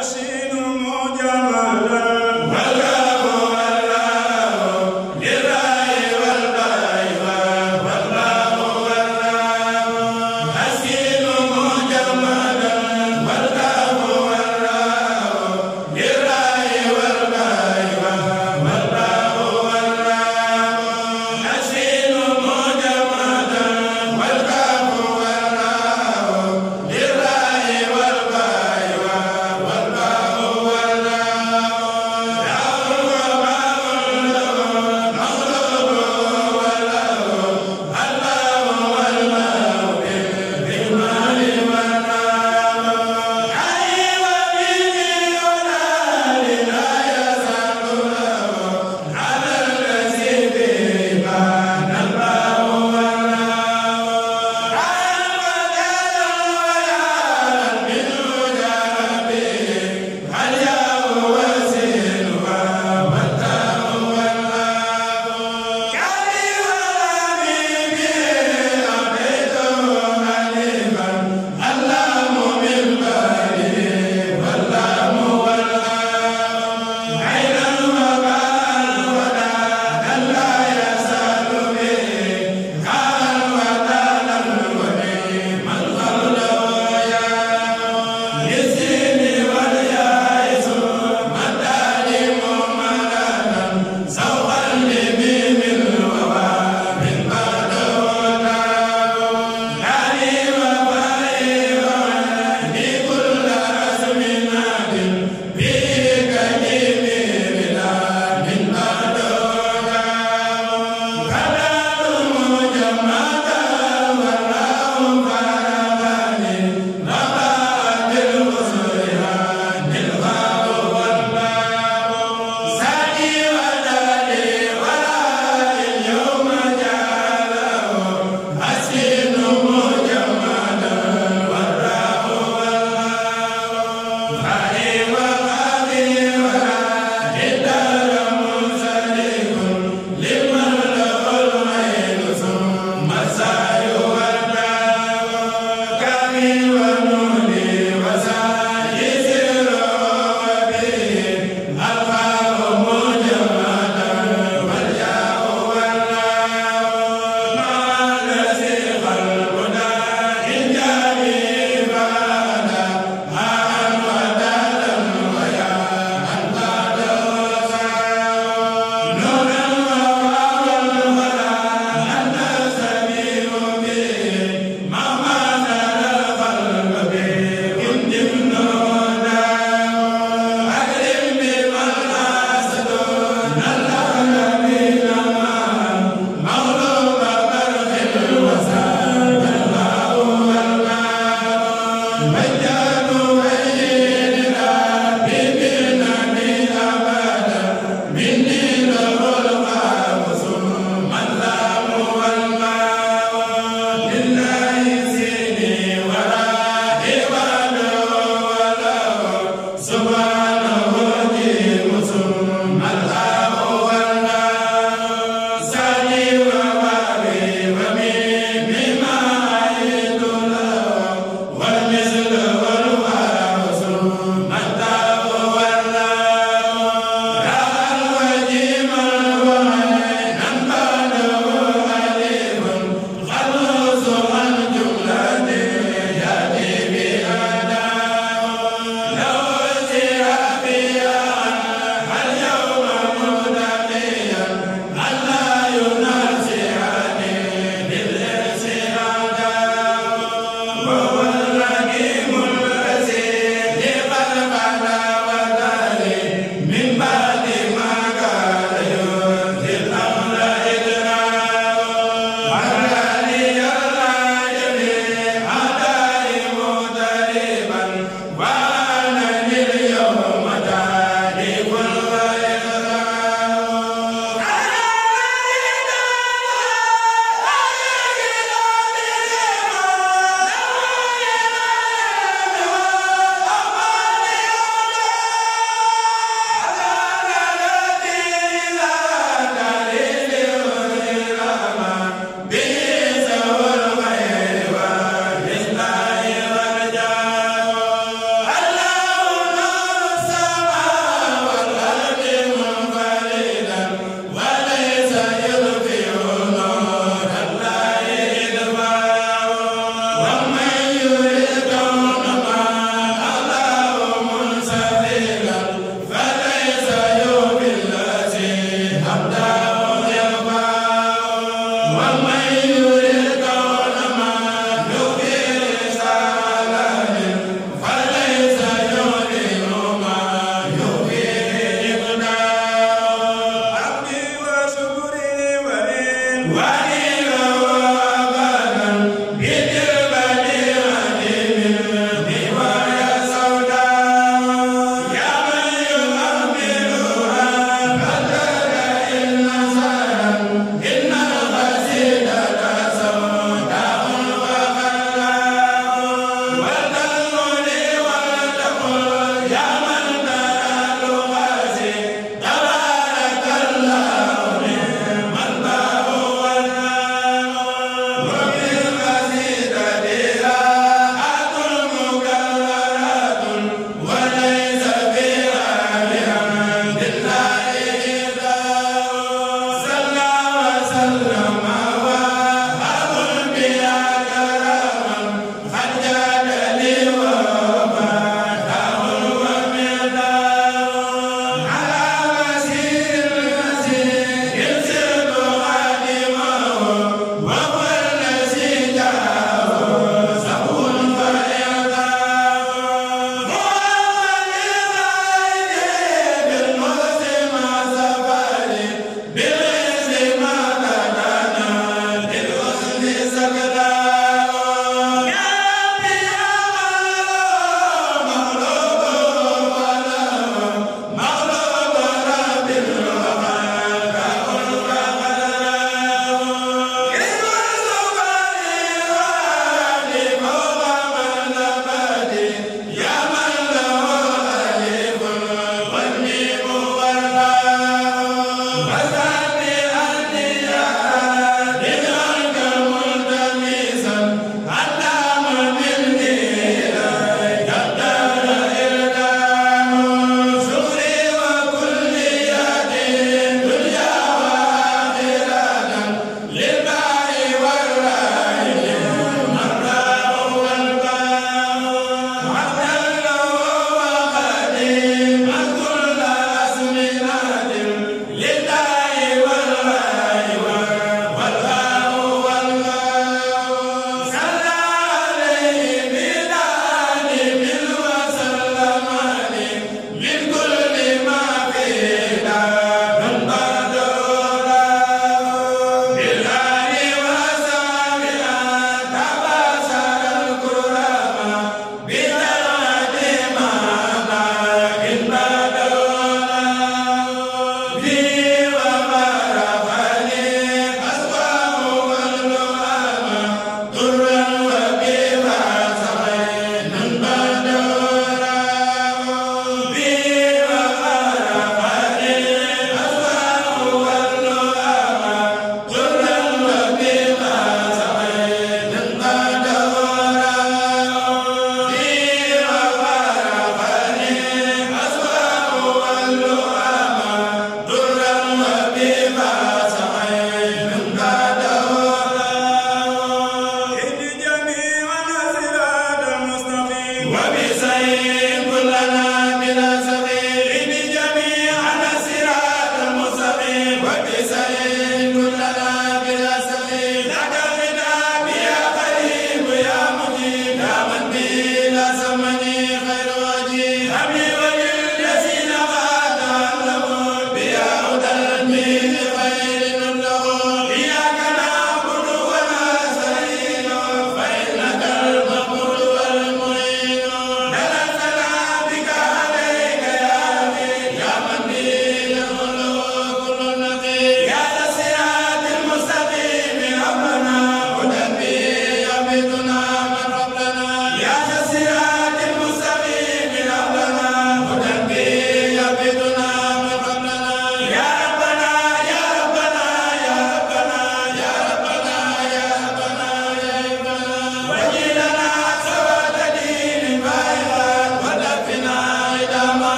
أشين مجملا